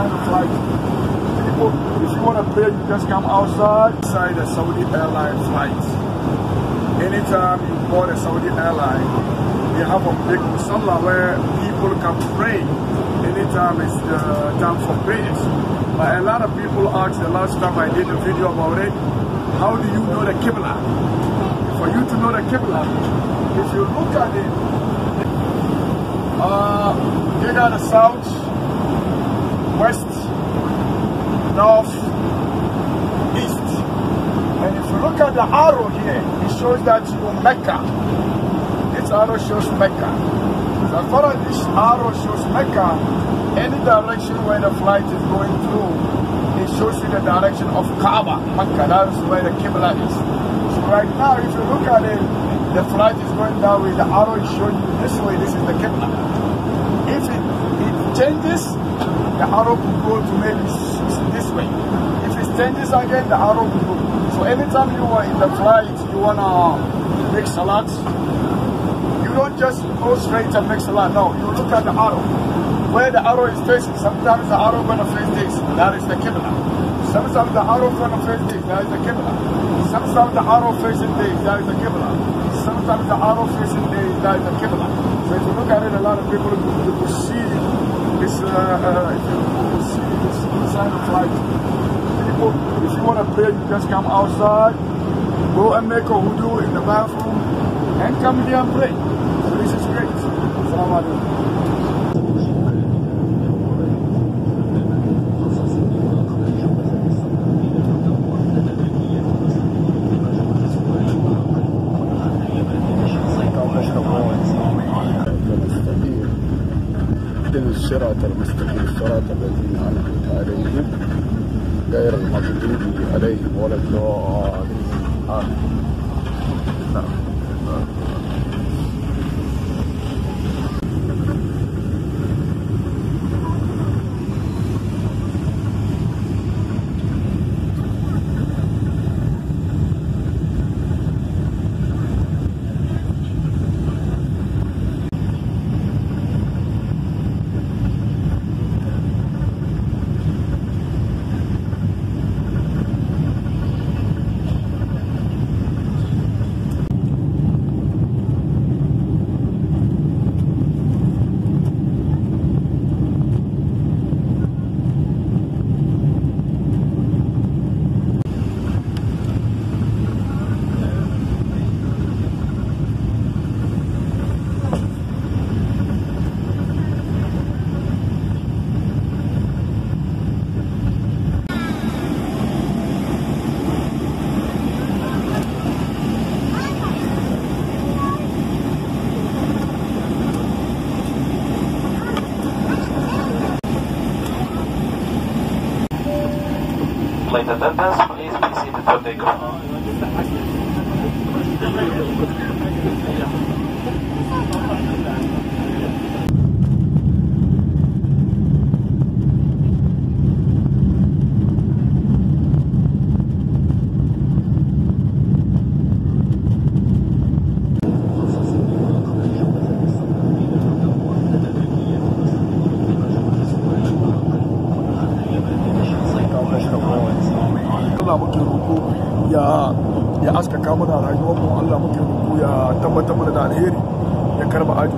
People, if you want to play, you just come outside, inside the Saudi Airlines flight. Anytime you board a Saudi airline, they have a big musalla where people can pray. Anytime it's the uh, time for prayers. But a lot of people asked the last time I did a video about it, how do you know the Qibla? For you to know the Qibla, if you look at it, uh, you got a south, west, north, east. And if you look at the arrow here, it shows that you Mecca. This arrow shows Mecca. So as far as this arrow shows Mecca, any direction where the flight is going through, it shows you the direction of Kaaba, Mecca. That's where the Qibla is. So right now, if you look at it, the flight is going that way. The arrow is showing you this way. This is the Qibla. If it, it changes, the arrow could go to maybe this way. If it changes again, the arrow could go. So anytime you are in the flight, you wanna make salat, you don't just go straight and make salat. No, you look at the arrow. Where the arrow is facing, sometimes the arrow gonna face this, that is the Qibla. Sometimes the arrow gonna face this, that is the Qibla. Sometimes the arrow facing this, that is the Qibla. Sometimes the arrow facing this, that is the Qibla. So if you look at it, a lot of people, will see uh, if you will see this sign People, if you want to play, you just come outside, go and make a wudu in the bathroom, and come here and play. So this is great. Assalamu alaikum. اهدنا الصراط المستقيم صراط الذين انعمت عليهم غير المغضوب عليهم ولا الضالين complete attendance. Please be seated for takeoff. muke roƙo ya ya aska kamuna rayuwar mu Allah muke roƙo ya tabbatar mana da alheri ya karba aji